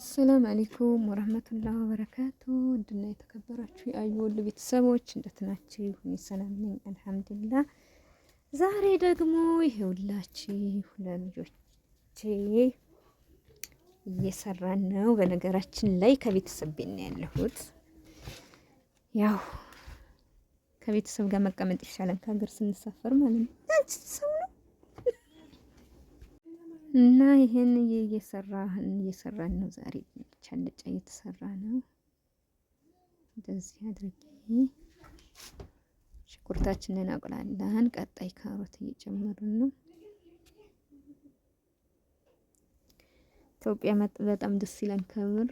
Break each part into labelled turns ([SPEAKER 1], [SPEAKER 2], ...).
[SPEAKER 1] አሰላም አሌይኩም ወረህመቱላህ ወበረካቱ ውድና የተከበራችሁ የአዩወሉ ቤተሰቦች እንደት ናችሁ? ሰላም ነኝ አልሐምዱሊላህ። ዛሬ ደግሞ ይሄውላችሁ ለልጆቼ እየሰራን ነው። በነገራችን ላይ ከቤተሰብ ቤት ነው ያለሁት። ያው ከቤተሰብ ጋር መቀመጥ ይሻላል ከሀገር ስንሳፈር ማለት ነው። እና ይሄን እየሰራን እየሰራን ነው። ዛሬ ቻለጫ እየተሰራ ነው። እንደዚህ አድርጌ ሽንኩርታችንን አቁላላን። ቀጣይ ካሮት እየጨመርን ነው። ኢትዮጵያ መጥ በጣም ደስ ይላል። ከምር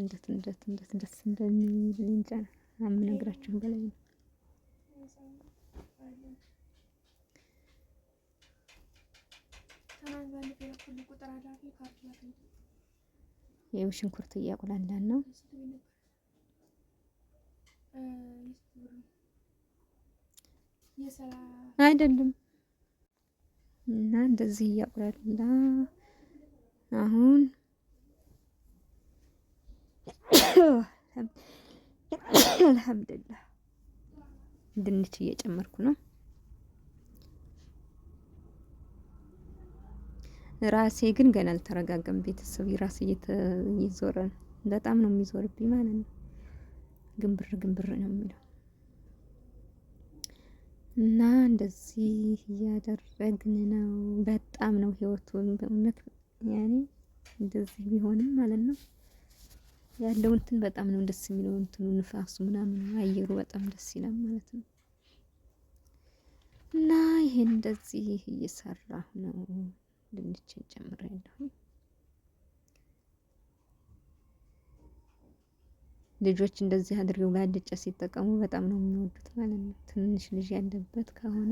[SPEAKER 1] እንደት እንደት እንደት እንደት እንደሚል እንጃ፣ ምነግራችሁ በላይ ነው። ይኸው ሽንኩርት እያቁላላን ነው። አይደለም እና እንደዚህ እያቁላላ አሁን አልሐምዱሊላህ ድንች እየጨመርኩ ነው። ራሴ ግን ገና አልተረጋገም። ቤተሰብ ራሴ እየዞረ ነው፣ በጣም ነው የሚዞርብኝ ማለት ነው። ግንብር ግንብር ነው የሚለው እና እንደዚህ እያደረግን ነው። በጣም ነው ህይወቱ በእውነት ያኔ እንደዚህ ቢሆንም ማለት ነው ያለው እንትን በጣም ነው ደስ የሚለው እንትኑ ንፋሱ ምናምን አየሩ በጣም ደስ ይላል ማለት ነው። እና ይሄን እንደዚህ እየሰራሁ ነው። ድንችን ጨምሬ ያለሁኝ ልጆች እንደዚህ አድርገው በአልጫ ሲጠቀሙ በጣም ነው የሚወዱት ማለት ነው። ትንሽ ልጅ ያለበት ከሆነ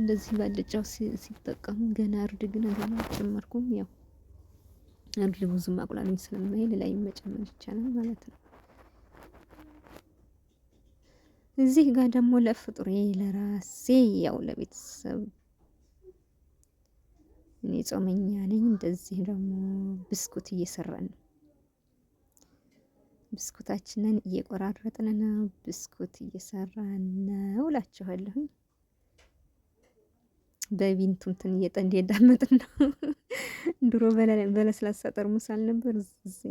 [SPEAKER 1] እንደዚህ በአልጫው ሲጠቀሙ ገና እርድ ግን ገና አልጨመርኩም። ያው እርድ ብዙም አቁላሉኝ ስለማይል ላይ መጨመር ይቻላል ማለት ነው። እዚህ ጋር ደግሞ ለፍጡሬ ለራሴ ያው ለቤተሰብ እኔ ጾመኛ ነኝ። እንደዚህ ደግሞ ብስኩት እየሰራን ነው። ብስኩታችንን እየቆራረጥን ነው። ብስኩት እየሰራን ነው እላችኋለሁ። በቢንቱምትን እየጠንድ እየዳመጥን ነው። ድሮ በለስላሳ ጠርሙስ አልነበር።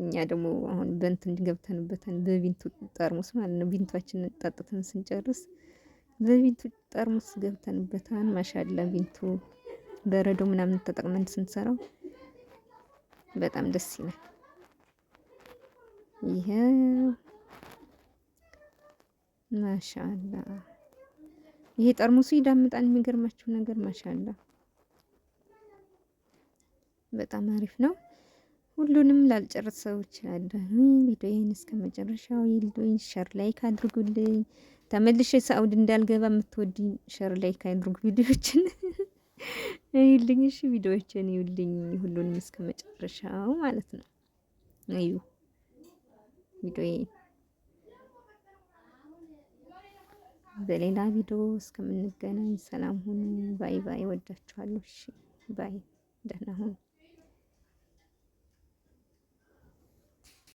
[SPEAKER 1] እኛ ደግሞ አሁን በንትን ገብተንበታን በቢንቱ ጠርሙስ ማለት ነው። ቢንቷችንን ጠጥተን ስንጨርስ በቢንቱ ጠርሙስ ገብተንበታን። ማሻላ ቢንቱ በረዶ ምናምን ተጠቅመን ስንሰራው በጣም ደስ ይላል። ይሄ ማሻአላ ይሄ ጠርሙሱ ይዳምጣል። የሚገርማችሁ ነገር ማሻአላ በጣም አሪፍ ነው። ሁሉንም ላልጨርስ ሰው ይችላል። ቪዲዮዬን እስከ መጨረሻው ይልዱኝ፣ ሸር ላይክ አድርጉልኝ። ተመልሼ ሳውድ እንዳልገባ የምትወዱኝ ሸር ላይክ አድርጉ ቪዲዮችን ይልኝ እሺ፣ ቪዲዮዎችን ይልኝ ሁሉንም እስከ መጨረሻው ማለት ነው። እዩ ቪዲዮ በሌላ ቪዲዮ እስከምንገናኝ ሰላም ሁኑ። ባይ ባይ። ወዳችኋለሁ። እሺ ባይ፣ ደህና ሁኑ።